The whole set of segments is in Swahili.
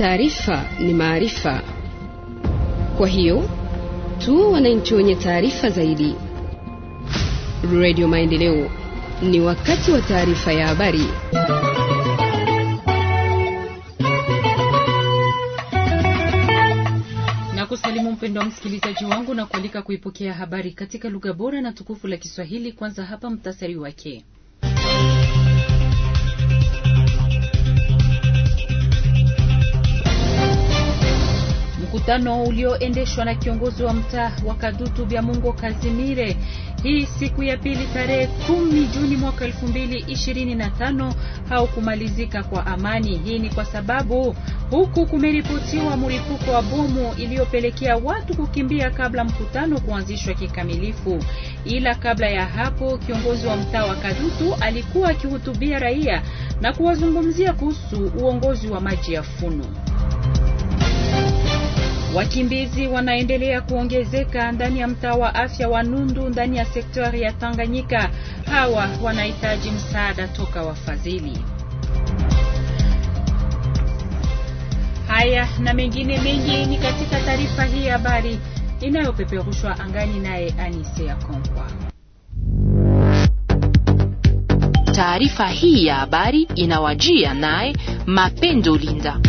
Taarifa ni maarifa, kwa hiyo tu wananchi wenye taarifa zaidi. Radio Maendeleo, ni wakati wa taarifa ya habari. Nakusalimu mpendwa msikilizaji wangu na kualika kuipokea habari katika lugha bora na tukufu la Kiswahili. Kwanza hapa mtasari wake mkutano ulioendeshwa na kiongozi wa mtaa wa Kadutu Mungo Kazimire hii siku ya pili tarehe kumi Juni mwaka elfu mbili ishirini na tano haukumalizika kwa amani. Hii ni kwa sababu huku kumeripotiwa mlipuko wa bomu iliyopelekea watu kukimbia kabla mkutano kuanzishwa kikamilifu. Ila kabla ya hapo, kiongozi wa mtaa wa Kadutu alikuwa akihutubia raia na kuwazungumzia kuhusu uongozi wa maji ya Funu. Wakimbizi wanaendelea kuongezeka ndani ya mtaa wa afya wa Nundu ndani ya sektori ya Tanganyika. Hawa wanahitaji msaada toka wafadhili. Haya na mengine mengi ni katika taarifa hii habari inayopeperushwa angani naye ya Konkwa. Taarifa hii ya habari inawajia naye Mapendo Linda.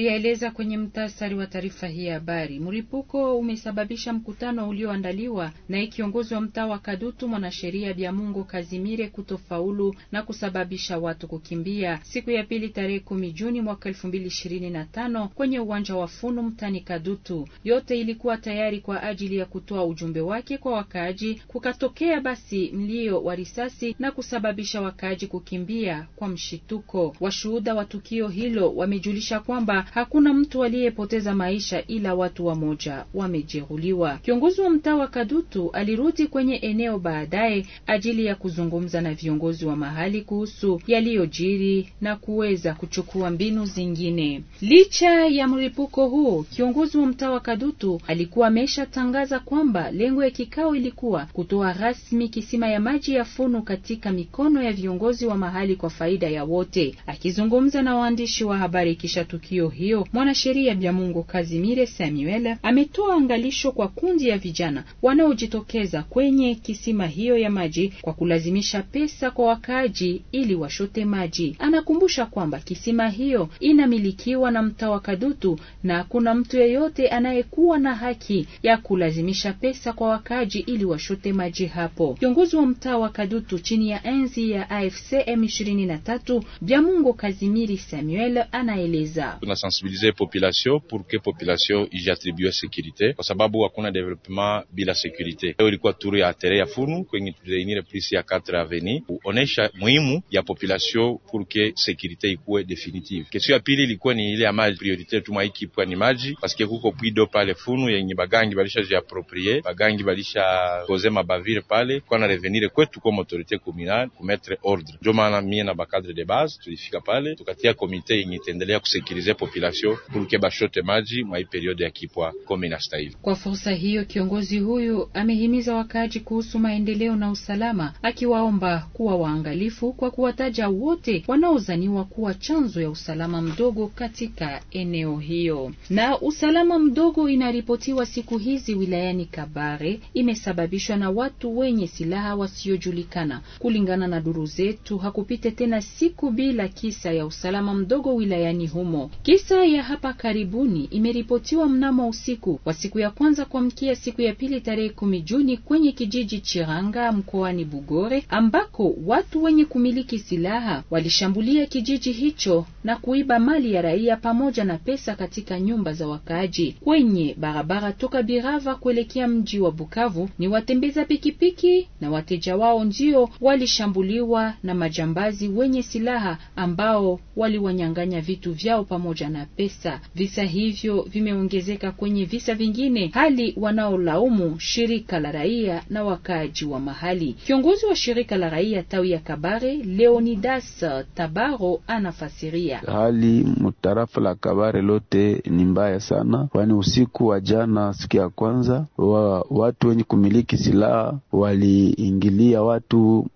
tulieleza kwenye mtasari wa taarifa hii ya habari. Mlipuko umesababisha mkutano ulioandaliwa na kiongozi wa mtaa wa Kadutu, mwanasheria Byamungo Kazimire, kutofaulu na kusababisha watu kukimbia siku ya pili tarehe kumi Juni mwaka elfu mbili ishirini na tano kwenye uwanja wa Funu mtani Kadutu. Yote ilikuwa tayari kwa ajili ya kutoa ujumbe wake kwa wakaaji, kukatokea basi mlio wa risasi na kusababisha wakaaji kukimbia kwa mshituko. Washuhuda wa tukio hilo wamejulisha kwamba hakuna mtu aliyepoteza maisha ila watu wamoja wamejeruhiwa. Kiongozi wa mtaa wa Kadutu alirudi kwenye eneo baadaye ajili ya kuzungumza na viongozi wa mahali kuhusu yaliyojiri na kuweza kuchukua mbinu zingine. Licha ya mlipuko huo, kiongozi wa mtaa wa Kadutu alikuwa ameshatangaza kwamba lengo ya kikao ilikuwa kutoa rasmi kisima ya maji ya Funu katika mikono ya viongozi wa mahali kwa faida ya wote. Akizungumza na waandishi wa habari kisha tukio hiyo, mwanasheria Byamungu Kazimire Samuel ametoa angalisho kwa kundi ya vijana wanaojitokeza kwenye kisima hiyo ya maji kwa kulazimisha pesa kwa wakaaji ili washote maji. Anakumbusha kwamba kisima hiyo inamilikiwa na mtawa Kadutu na hakuna mtu yeyote anayekuwa na haki ya kulazimisha pesa kwa wakaaji ili washote maji hapo. Kiongozi wa mtaa wa Kadutu chini ya enzi ya AFC M23 Byamungu Kazimiri Samuel anaeleza kuwasensibilize population pour que population ijiatribue sécurité kwa sababu hakuna development bila security. Leo ilikuwa turu ya atere ya funu kwenye tulireunire plus ya 4 aveni kuonesha muhimu ya population pour que security ikuwe definitive. Kesho ya pili ilikuwa ni ile ya maji, priorite tumaikipwa ni maji paske kuko pwido pale funu yenye bagangi balisha jiaproprie bagangi balisha koze mabavire pale kwa na revenire kwetu kwa autorité communale kumetre ordre. Ndio maana mie na bakadre de base tulifika pale tukatia komite yenye itaendelea kusekirize population population que bashote maji mwa hii periode ya kipwa kome inastahili. Kwa fursa hiyo, kiongozi huyu amehimiza wakaaji kuhusu maendeleo na usalama, akiwaomba kuwa waangalifu kwa kuwataja wote wanaozaniwa kuwa chanzo ya usalama mdogo katika eneo hiyo. Na usalama mdogo inaripotiwa siku hizi wilayani Kabare imesababishwa na watu wenye silaha wasiojulikana. Kulingana na duru zetu, hakupite tena siku bila kisa ya usalama mdogo wilayani humo kisa Misa ya hapa karibuni imeripotiwa mnamo usiku wa siku ya kwanza kuamkia siku ya pili tarehe kumi Juni kwenye kijiji Chiranga mkoani Bugore, ambako watu wenye kumiliki silaha walishambulia kijiji hicho na kuiba mali ya raia pamoja na pesa katika nyumba za wakaaji. Kwenye barabara toka Birava kuelekea mji wa Bukavu, ni watembeza pikipiki na wateja wao ndio walishambuliwa na majambazi wenye silaha ambao waliwanyang'anya vitu vyao pamoja na na pesa. Visa hivyo vimeongezeka kwenye visa vingine, hali wanaolaumu shirika la raia na wakaaji wa mahali. Kiongozi wa shirika la raia tawi ya Kabare, Leonidas Tabaro, anafasiria hali mtarafa la Kabare lote ni mbaya sana, kwani usiku wa jana, siku ya kwanza, wa watu wenye kumiliki silaha waliingilia watu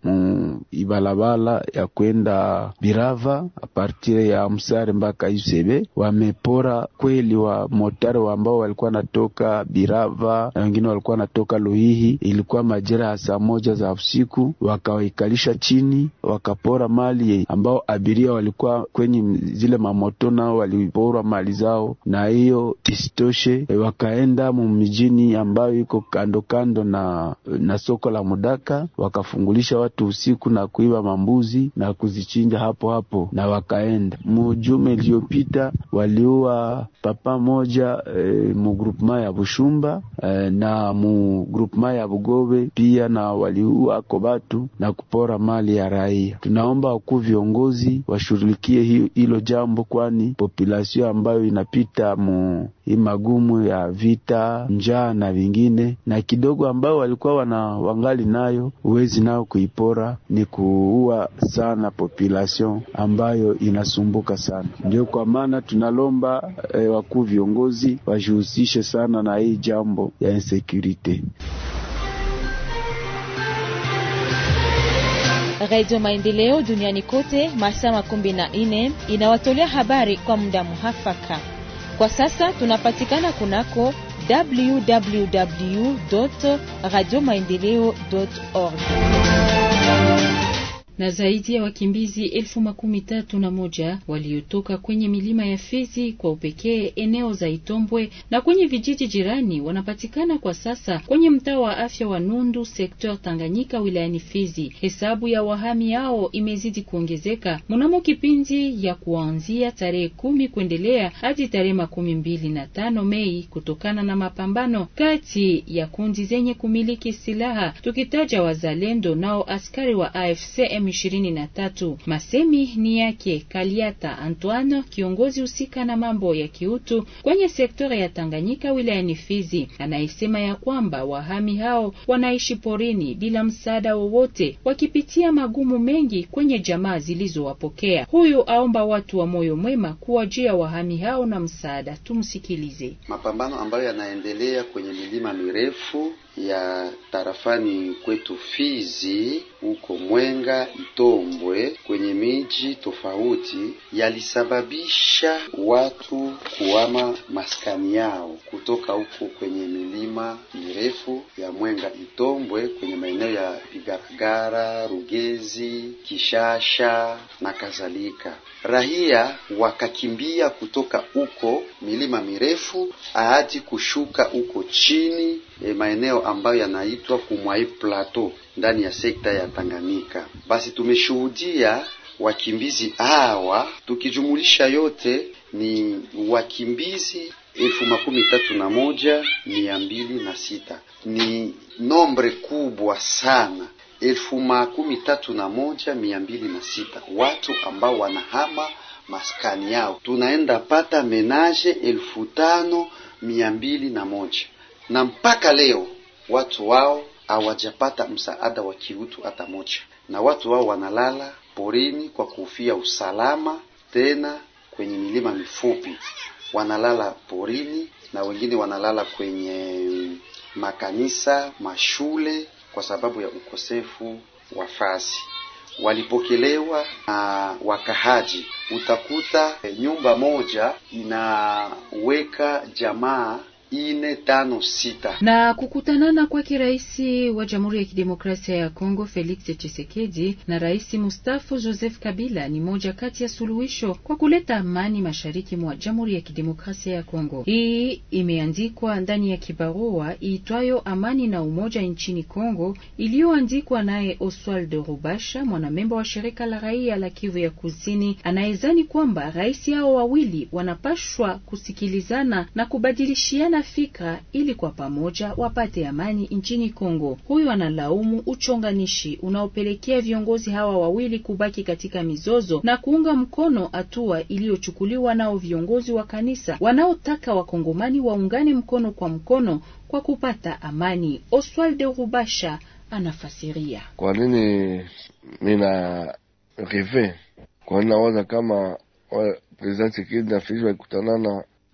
ibalabala ya kwenda Birava apartire ya Msare mpaka Yusebe wamepora kweli wa motari ambao walikuwa natoka Birava na wengine walikuwa natoka Luhihi. Ilikuwa majira ya saa moja za usiku, wakawaikalisha chini, wakapora mali ambao abiria walikuwa kwenye zile mamoto, nao waliporwa mali zao, na hiyo tisitoshe, wakaenda mumijini ambayo iko kando kando na, na soko la Mudaka, wakafungulisha watu usiku na kuiba mambuzi na kuzichinja hapo hapo, na wakaenda mujume iliyopita waliua papa moja e, mu ya Bushumba e, na mu ya Bugobe pia, na waliua ako batu na kupora mali ya raia. Tunaomba wakuu viongozi washughulikie hilo jambo, kwani populasion ambayo inapita mu magumu ya vita, njaa na vingine, na kidogo ambayo walikuwa wana wangali nayo uwezi nao kuipora, ni kuua sana population ambayo inasumbuka sana, ndio kwa maana tunalomba eh, wakuu viongozi wajihusishe sana na hii jambo ya insekurite. Radio Maendeleo duniani kote masaa makumi na ine inawatolea habari kwa muda muhafaka. Kwa sasa tunapatikana kunako www radio maendeleo org na zaidi ya wakimbizi elfu makumi tatu na moja waliotoka kwenye milima ya Fizi kwa upekee eneo za Itombwe na kwenye vijiji jirani wanapatikana kwa sasa kwenye mtaa wa afya wa Nundu sektor Tanganyika wilayani Fizi. Hesabu ya wahami hao imezidi kuongezeka mnamo kipindi ya kuanzia tarehe kumi kuendelea hadi tarehe makumi mbili na tano Mei kutokana na mapambano kati ya kundi zenye kumiliki silaha tukitaja wazalendo nao askari wa AFCM M23. Masemi ni yake Kaliata Antoine, kiongozi husika na mambo ya kiutu kwenye sektora ya Tanganyika wilayani Fizi, anayesema ya kwamba wahami hao wanaishi porini bila msaada wowote, wakipitia magumu mengi kwenye jamaa zilizowapokea. Huyu aomba watu wa moyo mwema kuwajia wahami hao na msaada. Tumsikilize. Mapambano ambayo yanaendelea kwenye milima mirefu ya tarafani kwetu Fizi, huko Mwenga Butombwe kwenye miji tofauti yalisababisha watu kuhama maskani yao kutoka huko kwenye milima mirefu ya Mwenga Itombwe kwenye maeneo ya Igaragara, Rugezi, Kishasha na kadhalika. Raia wakakimbia kutoka huko milima mirefu hadi kushuka huko chini e, maeneo ambayo yanaitwa Kumwai Plateau ndani ya sekta ya Tanganyika. Basi tumeshuhudia wakimbizi hawa, tukijumulisha yote ni wakimbizi elfu makumi tatu na moja mia mbili na sita ni nombre kubwa sana elfu makumi tatu na moja mia mbili na sita watu ambao wanahama maskani yao, tunaenda pata menaje elfu tano mia mbili na moja na mpaka leo watu wao hawajapata msaada wa kiutu hata moja, na watu wao wanalala porini kwa kuhofia usalama, tena kwenye milima mifupi wanalala porini, na wengine wanalala kwenye makanisa, mashule kwa sababu ya ukosefu wa fasi. Walipokelewa na wakahaji, utakuta nyumba moja inaweka jamaa ine tano sita. Na kukutanana kwake rais wa Jamhuri ya Kidemokrasia ya Kongo Felix Tshisekedi na rais mustafu Joseph Kabila ni moja kati ya suluhisho kwa kuleta amani mashariki mwa Jamhuri ya Kidemokrasia ya Kongo. Hii imeandikwa ndani ya kibarua iitwayo Amani na Umoja nchini Kongo, iliyoandikwa naye Oswald Rubasha, mwanamemba wa shirika la raia la Kivu ya Kusini, anayezani kwamba rais hao wawili wanapashwa kusikilizana na kubadilishiana wanafika ili kwa pamoja wapate amani nchini Kongo. Huyu analaumu uchonganishi unaopelekea viongozi hawa wawili kubaki katika mizozo na kuunga mkono hatua iliyochukuliwa nao viongozi wa kanisa wanaotaka wakongomani waungane mkono kwa mkono kwa kupata amani. de Rubasha anafasiria kwa nini mina rive kwa nini nawaza kama President Tshisekedi nafikiri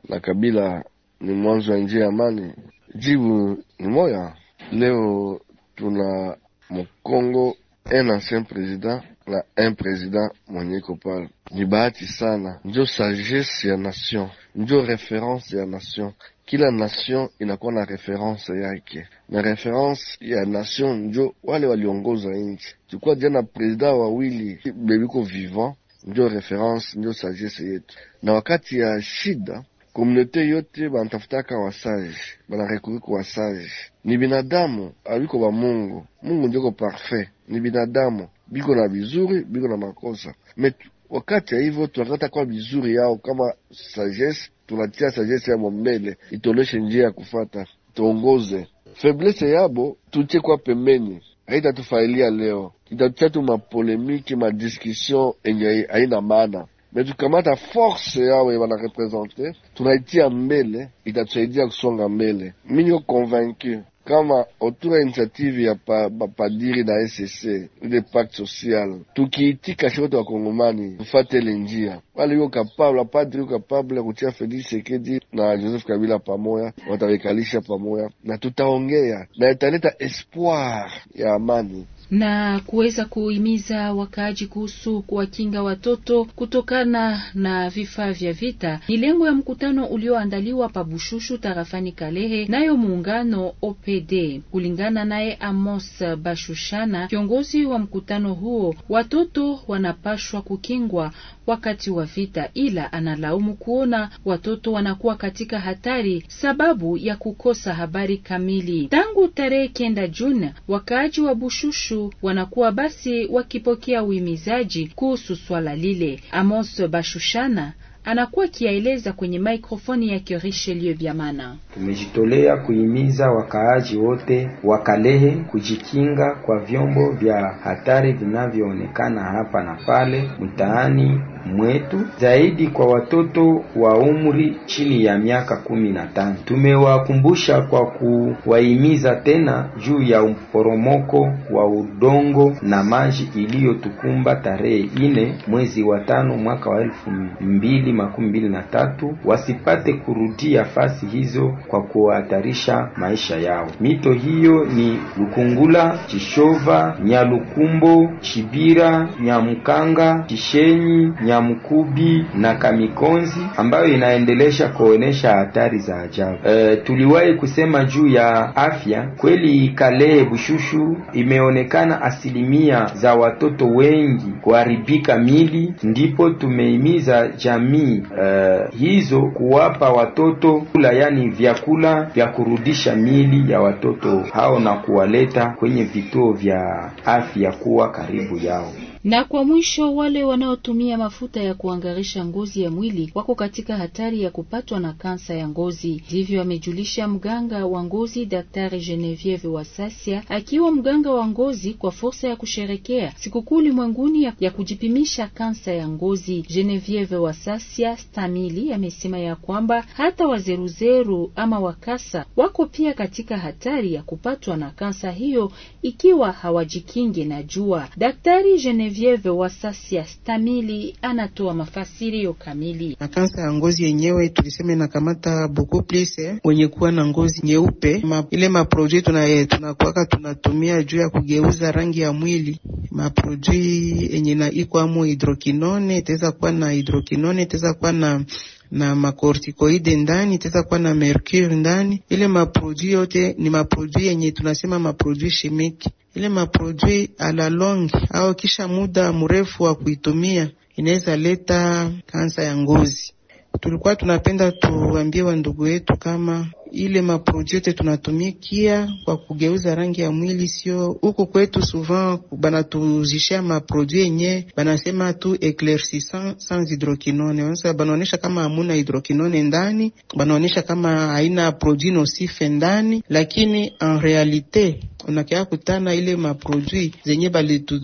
na Kabila ni mwanzo wa njia ya amani? Jibu ni moya. Leo tuna Mkongo un ancien president na un president mwenye kopala. Ni bahati sana, njo sagesse ya nation, njo reference ya nation. Kila nation inakuwa na reference yake, na reference ya nation njo wale waliongoza nchi. Tulikuwa jana president wawili bebiko vivant, njo reference, njo sagesse yetu, na wakati ya shida komunite yote banatafutaka wasaji, banarekuriko wasaji. Ni binadamu abiko ba Mungu, Mungu ndiko parfait. Ni binadamu biko na bizuri biko na makosa me wakati ya hivyo tunakata kwa bizuri yao kama sagesse, tunatia sagesse yabo mbele, itoneshe njia ya kufata, tuongoze feblese yabo tutie kwa pembeni, haitatufailia leo, itatutia tu mapolemiki madiskussion enye haina maana. Basi tukamata force yao ah banarepresente tunaitia mbele, itatusaidia kusonga mbele. Mimi niko convaincu kama autour ya initiative ya bapadiri na sc ile pacte social, tukiitika shote wa Kongomani tufatele njia, wale yuko kapable padri yuko kapable kutia Felix Tshisekedi na Joseph Kabila pamoya, watawekalisha pamoya na tutaongea na italeta espoir ya amani na kuweza kuhimiza wakaaji kuhusu kuwakinga watoto kutokana na vifaa vya vita ni lengo ya mkutano ulioandaliwa pa Bushushu tarafani Kalehe nayo muungano OPD. Kulingana naye Amos Bashushana, kiongozi wa mkutano huo, watoto wanapashwa kukingwa wakati wa vita, ila analaumu kuona watoto wanakuwa katika hatari sababu ya kukosa habari kamili. Tangu tarehe kenda Juni wakaaji wa Bushushu wanakuwa basi wakipokea uhimizaji kuhusu swala lile. Amos Bashushana anakuwa akiyaeleza kwenye mikrofoni ya Richelieu Vyamana. Tumejitolea kuhimiza wakaaji wote wa Kalehe kujikinga kwa vyombo vya hatari vinavyoonekana hapa na pale mtaani mwetu zaidi kwa watoto wa umri chini ya miaka kumi na tano. Tumewakumbusha kwa kuwahimiza tena juu ya mporomoko wa udongo na maji iliyotukumba tarehe ine mwezi wa tano mwaka wa elfu mbili makumi mbili na tatu, wasipate kurudia fasi hizo kwa kuhatarisha maisha yao. Mito hiyo ni Lukungula, Chishova, Nyalukumbo, Chibira, Nyamkanga, Chishenyi, Nyamukubi na Kamikonzi ambayo inaendelesha kuonesha hatari za ajabu. E, tuliwahi kusema juu ya afya kweli. Kale Bushushu imeonekana asilimia za watoto wengi kuharibika mili, ndipo tumeimiza jamii e, hizo kuwapa watoto kula, yani vyakula vya kurudisha mili ya watoto hao na kuwaleta kwenye vituo vya afya kuwa karibu yao. Na kwa mwisho, wale wanaotumia mafuta ya kuangarisha ngozi ya mwili wako katika hatari ya kupatwa na kansa ya ngozi. Ndivyo amejulisha mganga wa ngozi Daktari Genevieve Wasasia, akiwa mganga wa ngozi kwa fursa ya kusherekea sikukuu limwenguni ya, ya kujipimisha kansa ya ngozi. Genevieve Wasasia stamili amesema ya, ya kwamba hata wazeruzeru ama wakasa wako pia katika hatari ya kupatwa na kansa hiyo ikiwa hawajikinge na jua. Daktari Genevieve Genevieve Wasasia Stamili anatoa mafasirio kamili. Na kansa ya ngozi yenyewe tulisema inakamata beaucoup plus eh, wenye kuwa na ngozi nyeupe ma, ile maprodui eh, tunakuaka tunatumia juu ya kugeuza rangi ya mwili, maprodui yenye na iko amo hidrokinone itaweza kuwa na hidrokinone itaweza kuwa na na makortikoide ndani, itaweza kuwa na mercure ndani. Ile maprodui yote ni maprodui yenye tunasema maprodui shimiki. Ile maprodui ala long au kisha muda mrefu wa kuitumia inaweza leta kansa ya ngozi. Tulikuwa tunapenda tuambie wa ndugu yetu kama ile maproduit yote tunatumikia kwa kugeuza rangi ya mwili, sio huku kwetu. Souvent banatuzishia maprodui yenye banasema tu eclaircissant sans hydroquinone. Sasa banaonesha kama hamuna hydroquinone ndani, banaonesha kama haina produit nocife ndani, lakini en realite unakia kutana ile maproduit zenye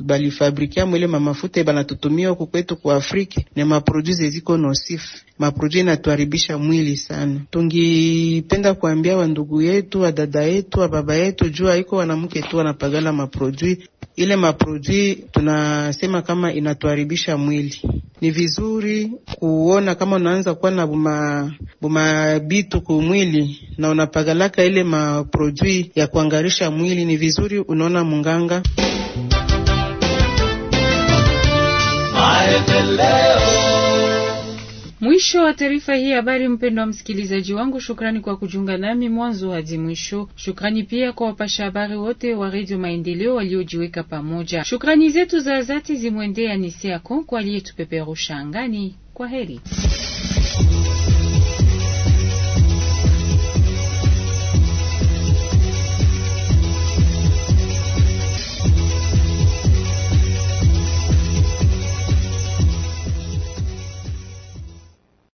balifabrikia mwile mamafuta banatutumia huku kwetu kwa Afrika ni maproduit zeziko nocife, maproduit inatuharibisha mwili sana. Tungipenda kuambia wandugu yetu wa dada yetu wa baba yetu, juu haiko wanamke tu wanapagala maprodui ile maprodui tunasema kama inatuharibisha mwili. Ni vizuri kuona kama unaanza kuwa na buma bumabitu mwili na unapagalaka ile maprodui ya kuangarisha mwili, ni vizuri unaona munganga Mwisho wa taarifa hii habari, mpendo wa msikilizaji wangu, shukrani kwa kujiunga nami mwanzo hadi mwisho. Shukrani pia kwa wapasha habari wote wa Redio Maendeleo waliojiweka pamoja. Shukrani zetu za dhati zimwendea Nisea Konko aliyetupeperusha angani. Kwa heri.